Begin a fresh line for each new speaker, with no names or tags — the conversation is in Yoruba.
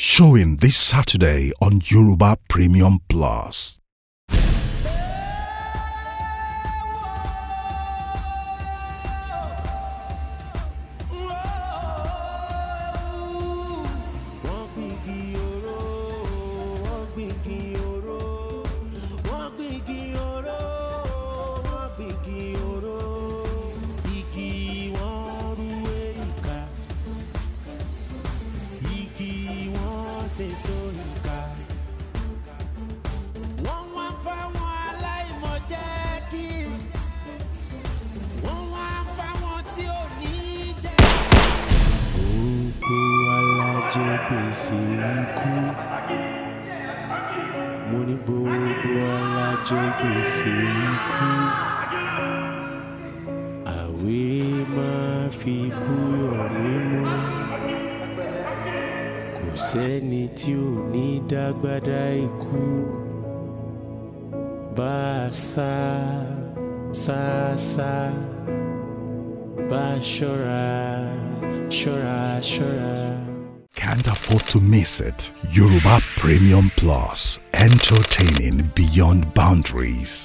Showing this Saturday on Yoruba Premium Plus. Thank
you. sísọ ìka. wọ́n wá ń fáwọn aláìmọ̀jẹ́ kí.
wọ́n wá ń fáwọn tí ò ní jẹ́. gbogbo alájẹ gbèsè ikú. mo ní gbogbo alájẹ gbèsè ikú. àwé máa fi kú yọ̀ mímọ́. sẹ́ni tí ò ní dágbádá ikú
bá a sá sá sá bá a ṣọ́ra ṣọ́ra ṣọ́ra. Can't afford to
miss it. Yoruba Premium Plus. Entertaining beyond
boundaries.